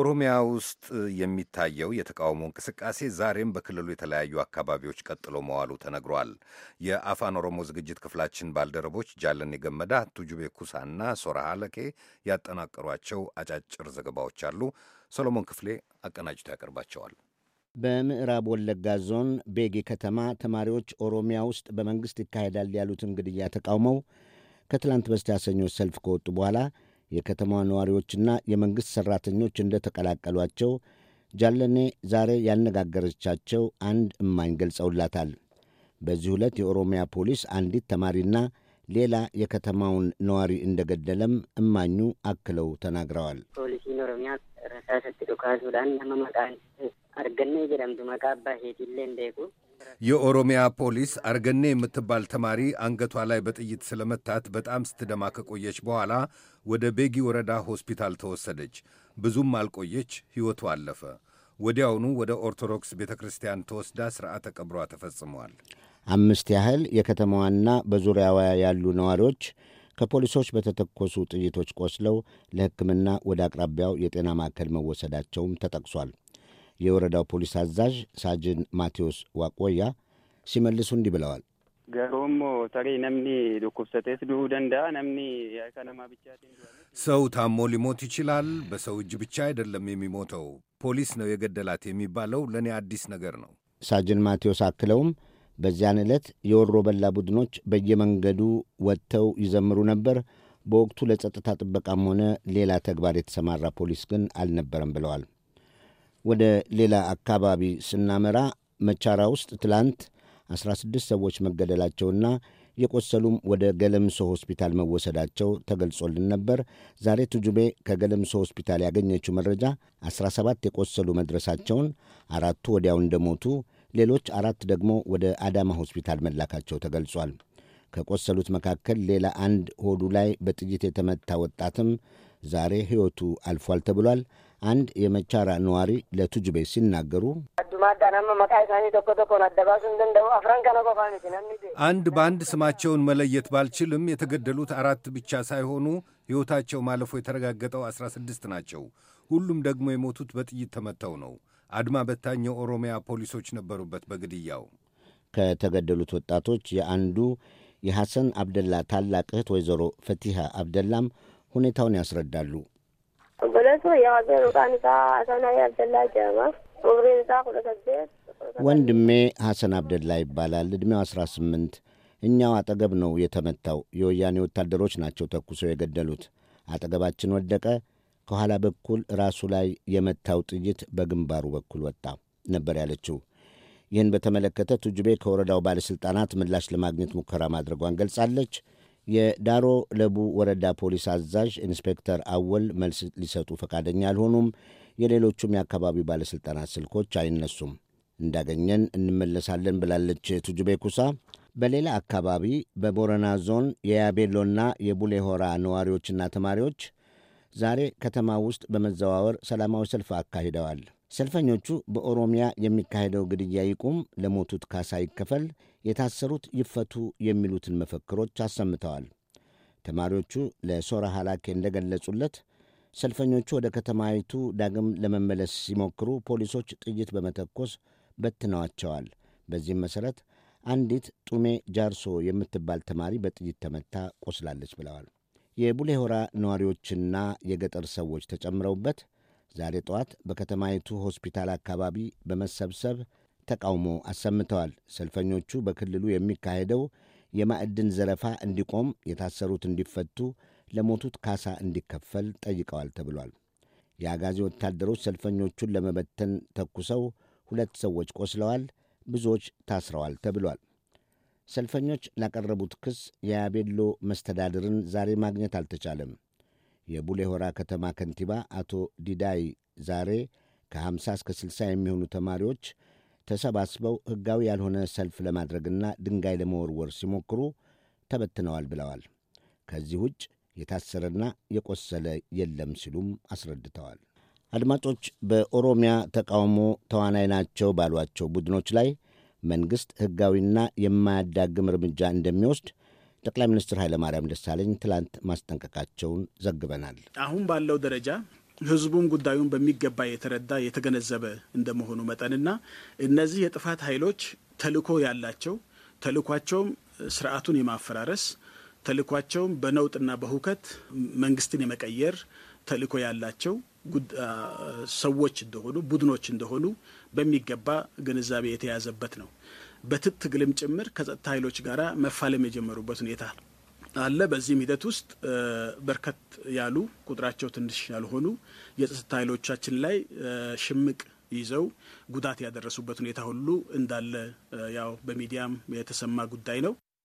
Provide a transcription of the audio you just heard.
ኦሮሚያ ውስጥ የሚታየው የተቃውሞ እንቅስቃሴ ዛሬም በክልሉ የተለያዩ አካባቢዎች ቀጥሎ መዋሉ ተነግሯል። የአፋን ኦሮሞ ዝግጅት ክፍላችን ባልደረቦች ጃለኔ ገመዳ፣ ቱጁቤ ኩሳና ሶራ ሀለኬ ያጠናቀሯቸው አጫጭር ዘገባዎች አሉ። ሰሎሞን ክፍሌ አቀናጅቶ ያቀርባቸዋል። በምዕራብ ወለጋ ዞን ቤጊ ከተማ ተማሪዎች ኦሮሚያ ውስጥ በመንግሥት ይካሄዳል ያሉትን ግድያ ተቃውመው ከትላንት በስቲያ ሰኞ ሰልፍ ከወጡ በኋላ የከተማዋ ነዋሪዎችና የመንግሥት ሠራተኞች እንደተቀላቀሏቸው ጃለኔ ዛሬ ያነጋገረቻቸው አንድ እማኝ ገልጸውላታል። በዚህ ዕለት የኦሮሚያ ፖሊስ አንዲት ተማሪና ሌላ የከተማውን ነዋሪ እንደገደለም እማኙ አክለው ተናግረዋል። ፖሊሲን ኦሮሚያ ረሳሰት ዱካሱዳን ነመ መቃን አርገነ ጀደምቱ መቃባ ለ እንደቁ የኦሮሚያ ፖሊስ አርገኔ የምትባል ተማሪ አንገቷ ላይ በጥይት ስለመታት በጣም ስትደማ ከቆየች በኋላ ወደ ቤጊ ወረዳ ሆስፒታል ተወሰደች። ብዙም አልቆየች፣ ሕይወቱ አለፈ። ወዲያውኑ ወደ ኦርቶዶክስ ቤተ ክርስቲያን ተወስዳ ሥርዓተ ቀብሯ ተፈጽሟል። አምስት ያህል የከተማዋና በዙሪያዋ ያሉ ነዋሪዎች ከፖሊሶች በተተኮሱ ጥይቶች ቆስለው ለሕክምና ወደ አቅራቢያው የጤና ማዕከል መወሰዳቸውም ተጠቅሷል። የወረዳው ፖሊስ አዛዥ ሳጅን ማቴዎስ ዋቆያ ሲመልሱ እንዲህ ብለዋል። ገሮሞ ተሬ ነምኒ ዶኮብሰቴስ ዱ ደንዳ ነምኒ ከነማ ብቻ ሰው ታሞ ሊሞት ይችላል። በሰው እጅ ብቻ አይደለም የሚሞተው። ፖሊስ ነው የገደላት የሚባለው ለእኔ አዲስ ነገር ነው። ሳጅን ማቴዎስ አክለውም በዚያን ዕለት የወሮ በላ ቡድኖች በየመንገዱ ወጥተው ይዘምሩ ነበር። በወቅቱ ለጸጥታ ጥበቃም ሆነ ሌላ ተግባር የተሰማራ ፖሊስ ግን አልነበረም ብለዋል። ወደ ሌላ አካባቢ ስናመራ መቻራ ውስጥ ትላንት 16 ሰዎች መገደላቸውና የቆሰሉም ወደ ገለምሶ ሆስፒታል መወሰዳቸው ተገልጾልን ነበር። ዛሬ ቱጁቤ ከገለምሶ ሆስፒታል ያገኘችው መረጃ 17 የቆሰሉ መድረሳቸውን፣ አራቱ ወዲያው እንደሞቱ፣ ሌሎች አራት ደግሞ ወደ አዳማ ሆስፒታል መላካቸው ተገልጿል። ከቆሰሉት መካከል ሌላ አንድ ሆዱ ላይ በጥይት የተመታ ወጣትም ዛሬ ሕይወቱ አልፏል ተብሏል። አንድ የመቻራ ነዋሪ ለቱጅቤ ሲናገሩ አንድ በአንድ ስማቸውን መለየት ባልችልም የተገደሉት አራት ብቻ ሳይሆኑ ሕይወታቸው ማለፎ የተረጋገጠው አስራ ስድስት ናቸው። ሁሉም ደግሞ የሞቱት በጥይት ተመተው ነው። አድማ በታኝ የኦሮሚያ ፖሊሶች ነበሩበት በግድያው። ከተገደሉት ወጣቶች የአንዱ የሐሰን አብደላ ታላቅ እህት ወይዘሮ ፈቲሃ አብደላም ሁኔታውን ያስረዳሉ። ወንድሜ ሐሰን አብደላ ይባላል። ዕድሜው አስራ ስምንት እኛው አጠገብ ነው የተመታው። የወያኔ ወታደሮች ናቸው ተኩሰው የገደሉት። አጠገባችን ወደቀ። ከኋላ በኩል ራሱ ላይ የመታው ጥይት በግንባሩ በኩል ወጣ ነበር ያለችው። ይህን በተመለከተ ቱጅቤ ከወረዳው ባለሥልጣናት ምላሽ ለማግኘት ሙከራ ማድረጓን ገልጻለች። የዳሮ ለቡ ወረዳ ፖሊስ አዛዥ ኢንስፔክተር አወል መልስ ሊሰጡ ፈቃደኛ አልሆኑም። የሌሎቹም የአካባቢው ባለሥልጣናት ስልኮች አይነሱም። እንዳገኘን እንመለሳለን ብላለች ቱጁቤ ኩሳ። በሌላ አካባቢ በቦረና ዞን የያቤሎና የቡሌሆራ ነዋሪዎችና ተማሪዎች ዛሬ ከተማ ውስጥ በመዘዋወር ሰላማዊ ሰልፍ አካሂደዋል። ሰልፈኞቹ በኦሮሚያ የሚካሄደው ግድያ ይቁም፣ ለሞቱት ካሳ ይከፈል የታሰሩት ይፈቱ የሚሉትን መፈክሮች አሰምተዋል። ተማሪዎቹ ለሶራ ሃላኬ እንደገለጹለት ሰልፈኞቹ ወደ ከተማይቱ ዳግም ለመመለስ ሲሞክሩ ፖሊሶች ጥይት በመተኮስ በትነዋቸዋል። በዚህም መሠረት አንዲት ጡሜ ጃርሶ የምትባል ተማሪ በጥይት ተመታ ቆስላለች ብለዋል። የቡሌሆራ ነዋሪዎችና የገጠር ሰዎች ተጨምረውበት ዛሬ ጠዋት በከተማይቱ ሆስፒታል አካባቢ በመሰብሰብ ተቃውሞ አሰምተዋል። ሰልፈኞቹ በክልሉ የሚካሄደው የማዕድን ዘረፋ እንዲቆም፣ የታሰሩት እንዲፈቱ፣ ለሞቱት ካሳ እንዲከፈል ጠይቀዋል ተብሏል። የአጋዚ ወታደሮች ሰልፈኞቹን ለመበተን ተኩሰው ሁለት ሰዎች ቆስለዋል፣ ብዙዎች ታስረዋል ተብሏል። ሰልፈኞች ላቀረቡት ክስ የያቤሎ መስተዳድርን ዛሬ ማግኘት አልተቻለም። የቡሌሆራ ከተማ ከንቲባ አቶ ዲዳይ ዛሬ ከ50 እስከ 60 የሚሆኑ ተማሪዎች ተሰባስበው ሕጋዊ ያልሆነ ሰልፍ ለማድረግና ድንጋይ ለመወርወር ሲሞክሩ ተበትነዋል ብለዋል። ከዚህ ውጭ የታሰረና የቆሰለ የለም ሲሉም አስረድተዋል። አድማጮች፣ በኦሮሚያ ተቃውሞ ተዋናይ ናቸው ባሏቸው ቡድኖች ላይ መንግሥት ሕጋዊና የማያዳግም እርምጃ እንደሚወስድ ጠቅላይ ሚኒስትር ኃይለማርያም ደሳለኝ ትላንት ማስጠንቀቃቸውን ዘግበናል። አሁን ባለው ደረጃ ህዝቡም ጉዳዩን በሚገባ የተረዳ የተገነዘበ እንደመሆኑ መጠንና እነዚህ የጥፋት ኃይሎች ተልኮ ያላቸው ተልኳቸውም ስርዓቱን የማፈራረስ ተልኳቸውም በነውጥና በሁከት መንግስትን የመቀየር ተልኮ ያላቸው ሰዎች እንደሆኑ ቡድኖች እንደሆኑ በሚገባ ግንዛቤ የተያዘበት ነው። በትጥቅ ጭምር ከጸጥታ ኃይሎች ጋር መፋለም የጀመሩበት ሁኔታ አለ። በዚህም ሂደት ውስጥ በርከት ያሉ ቁጥራቸው ትንሽ ያልሆኑ የጸጥታ ኃይሎቻችን ላይ ሽምቅ ይዘው ጉዳት ያደረሱበት ሁኔታ ሁሉ እንዳለ ያው በሚዲያም የተሰማ ጉዳይ ነው።